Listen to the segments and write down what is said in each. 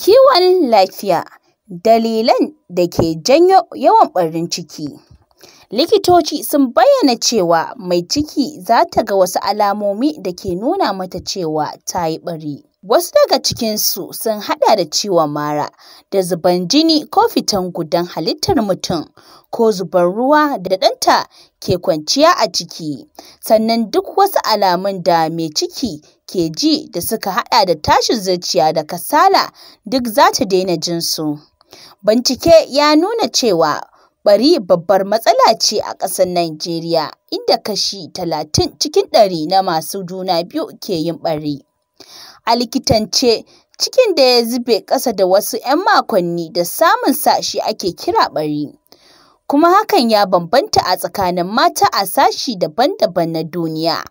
kiwon lafiya, dalilan da ke janyo yawan ɓarin ciki. Likitoci sun bayyana cewa mai ciki za ta ga wasu alamomi da ke nuna mata cewa ta yi ɓari. Wasu daga cikinsu sun haɗa da ciwon mara da zuban jini ko fitan gudan halittar mutum ko zubar ruwa da ɗanta ke kwanciya a ciki, sannan duk wasu alamun da mai ciki ke ji da suka haɗa da tashin zuciya da kasala duk za ta daina jinsu. Bincike ya nuna cewa ɓari babbar matsala ce a ƙasar Najeriya, inda kashi talatin cikin ɗari na masu juna biyu ke yin ɓari. a likitance cikin da ya zube ƙasa da wasu 'yan makonni da samun sashi ake kira ɓari, kuma hakan ya bambanta a tsakanin mata a sashi daban-daban na duniya.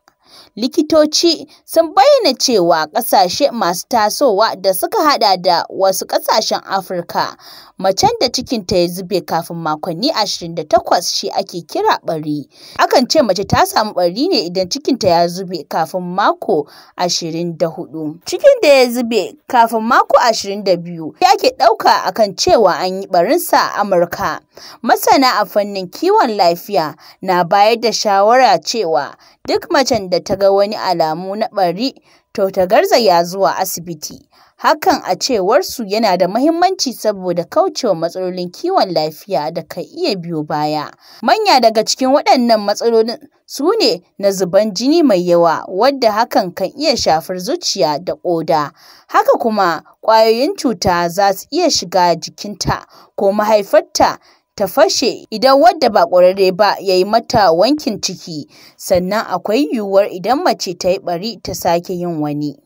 Likitoci sun bayyana cewa ƙasashe masu tasowa da suka haɗa da wasu ƙasashen Afirka Macen da cikinta ya zube kafin makonni 28 shi ake kira bari Akan ce mace ta samu bari ne idan cikinta ya zube kafin mako 24. Cikin da ya zube kafin mako 22 shi ake ɗauka akan cewa an yi ɓarinsa a Amurka. Masana a fannin kiwon lafiya na bayar da shawara cewa duk macen da ta ga wani alamu na bari to ta ya zuwa asibiti. Hakan a cewarsu yana da mahimmanci saboda kaucewa matsalolin kiwon lafiya da ka iya biyo baya. Manya daga cikin waɗannan matsalolin su ne na zuban jini mai yawa wadda hakan kan iya shafar zuciya da ƙoda. Haka kuma ƙwayoyin cuta za su iya shiga jikinta ko mahaifarta ta fashe idan wadda ba ƙwararre ba ya yi mata wankin ciki, sannan akwai yiwuwar idan mace ta yi ɓari ta sake yin wani.